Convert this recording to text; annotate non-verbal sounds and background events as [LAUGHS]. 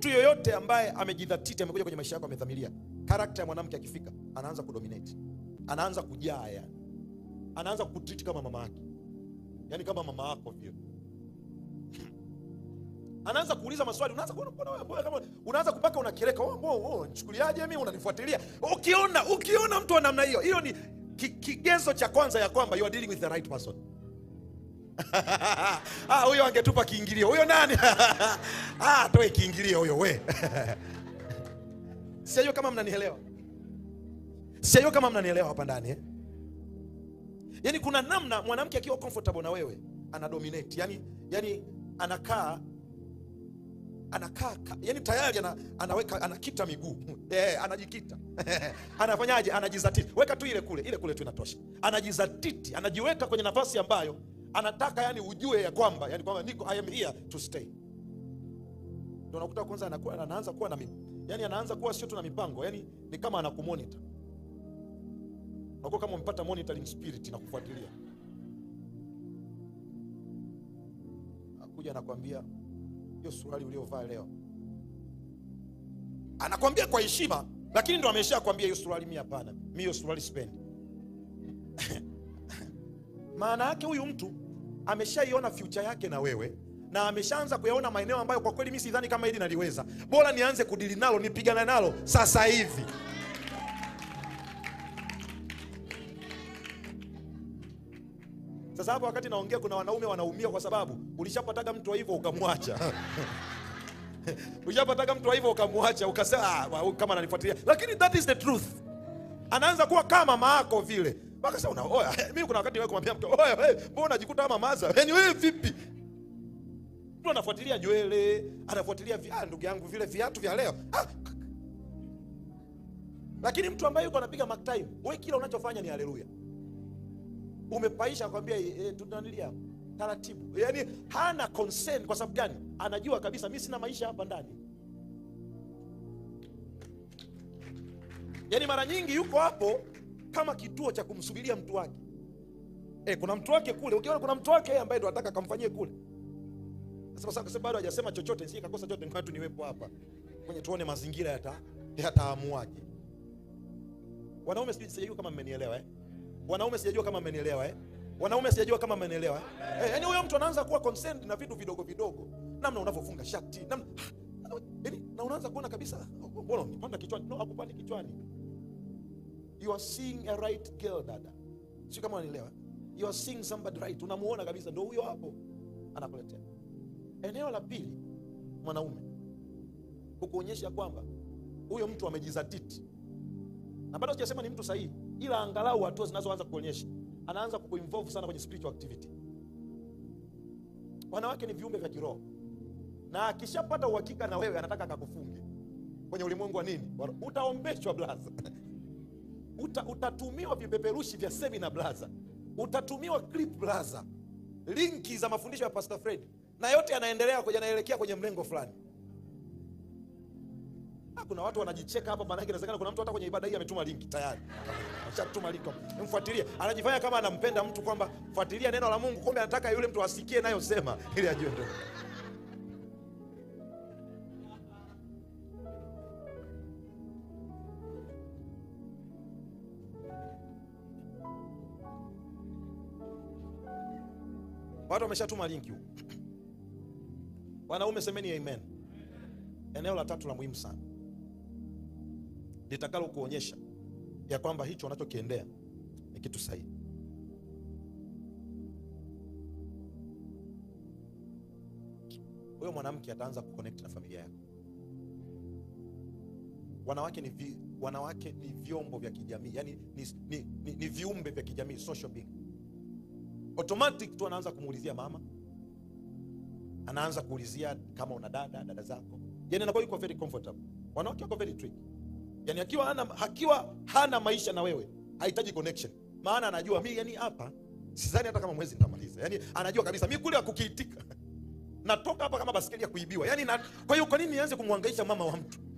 Mtu yoyote ambaye amejidhatiti, amekuja kwenye maisha yako, amedhamiria, karakta ya mwanamke akifika, anaanza kudominate, anaanza kujaa, yani anaanza kukutreat kama mama yake, yani kama mama yako vile [LAUGHS] anaanza kuuliza maswali, unaanza kuona mbona wewe mbona kama unaanza kupaka unakereka, oh mbona oh, nichukuliaje mimi, unanifuatilia. Ukiona ukiona mtu wa namna hiyo, hiyo ni kigezo cha kwanza ya kwamba you are dealing with the right person. [LAUGHS] Ah, huyo angetupa kiingilio. Huyo nani? [LAUGHS] Ah, toe kiingilio huyo we. [LAUGHS] Sijajua kama mnanielewa. Sijajua kama mnanielewa hapa ndani eh? Yaani kuna namna mwanamke akiwa comfortable na wewe ana dominate. Yaani yani anakaa anakaa ka, yani tayari ana, anaweka anakita miguu eh, anajikita anafanyaje? Anajizatiti, weka tu ile kule ile kule tu inatosha. Anajizatiti, anajiweka kwenye nafasi ambayo anataka yani ujue ya kwamba yani kwamba niko I am here to stay. Ndio unakuta kwanza anakuwa anaanza kuwa na mimi yani anaanza kuwa sio tu na mipango yani ni kama anakumonitor unakuwa kama umepata monitoring spirit na kufuatilia akuja anakuambia hiyo suruali uliovaa leo Anakuambia kwa heshima lakini ndo ameshakwambia hiyo suruali mimi hapana Mimi hiyo suruali sipendi maana yake huyu mtu ameshaiona future yake na wewe na ameshaanza kuyaona maeneo ambayo kwa kweli mimi sidhani kama hili naliweza, bora nianze kudili nalo, nipigana nalo sasa hivi. Sasa hapo wakati naongea, kuna wanaume wanaumia kwa sababu ulishapataga mtu wa hivyo ukamwacha. [LAUGHS] ulishapataga mtu wa hivyo ukamwacha, ukasema ah, kama ananifuatilia, lakini that is the truth. Anaanza kuwa kama maako vile mpaka sasa unaoa. [LAUGHS] Mimi kuna wakati wewe kumwambia mtu oya, wewe mbona unajikuta kama maza? [LAUGHS] Yaani wewe vipi? Mtu anafuatilia nywele, anafuatilia via, ah, ndugu yangu, vile viatu vya leo ah. Lakini mtu ambaye yuko anapiga mark time, wewe kila unachofanya ni haleluya. Umepaisha akwambia e, tunanilia taratibu, yaani hana concern. Kwa sababu gani? Anajua kabisa mimi sina maisha hapa ndani. Yaani mara nyingi yuko hapo kama kituo cha kumsubiria mtu wake. E, kuna mtu wake kule, ukiona kuna mtu wake ambaye ndo anataka kamfanyie kule. Sasa sasa bado hajasema chochote, si kakosa chochote, ni watu niwepo hapa kwenye, tuone mazingira yata yataamuaje. Wanaume sijajua kama mmenielewa eh? Wanaume sijajua kama mmenielewa eh? Wanaume sijajua kama mmenielewa eh? eh? yaani huyo mtu anaanza kuwa concerned na vitu vidogo vidogo, namna unavyofunga shati namna, ah, yaani na unaanza kuona kabisa, oh, mbona unipanda kichwani? No, akupandi kichwani you are seeing a right girl dada, sio kama unanielewa. You are seeing somebody right, unamuona kabisa, ndio huyo hapo anakuletea. Eneo la pili, mwanaume kukuonyesha kwamba huyo mtu amejizatiti, na bado sijasema ni mtu sahihi, ila angalau hatua zinazoanza kukuonyesha, anaanza kukuinvolve sana kwenye spiritual activity. Wanawake ni viumbe vya kiroho, na akishapata uhakika na wewe, anataka akakufunge kwenye ulimwengu wa nini? Utaombeshwa blaza [LAUGHS] uta, utatumiwa vipeperushi vya semina blaza, utatumiwa clip blaza, linki za mafundisho ya Pastor Fred na yote yanaendelea kwenye yanaelekea kwenye mlengo fulani. Ha, ah, Kuna watu wanajicheka hapa, maana yake inawezekana kuna mtu hata kwenye ibada hii ametuma linki tayari, ashatuma link, mfuatilie. Anajifanya kama anampenda mtu kwamba fuatilia neno la Mungu, kumbe anataka yule mtu asikie nayosema ili ajiondoe. Watu wameshatuma linki huko. Wanaume semeni amen. Eneo la tatu la muhimu sana litakalo kuonyesha ya kwamba hicho unachokiendea ni kitu sahihi. Huyo mwanamke ataanza kuconnect na familia yako. Wanawake ni, vi, wanawake ni vyombo vya kijamii, yani ni, ni, ni, ni viumbe vya kijamii, social being automatic tu anaanza kumuulizia mama, anaanza kuulizia kama una dada dada zako, yani anakuwa yuko very comfortable. Wanawake wako very tricky, yani akiwa hana, akiwa hana maisha na wewe hahitaji connection, maana anajua mimi, yani hapa sidhani hata kama mwezi nitamaliza, yani anajua kabisa mimi kule akukiitika [LAUGHS] natoka hapa kama basikeli ya kuibiwa, yani na, kwa hiyo kwa nini nianze kumwangaisha mama wa mtu?